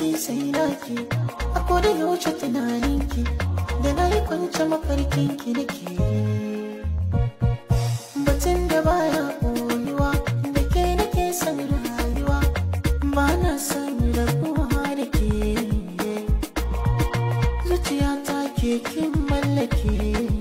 naki sai naki a koda yaushe tunaninki da na yi kwance mafarkinki nake batun da baya koyuwa da ke nake son rayuwa ba na son rabuwa da ke zuciya ta ke mallake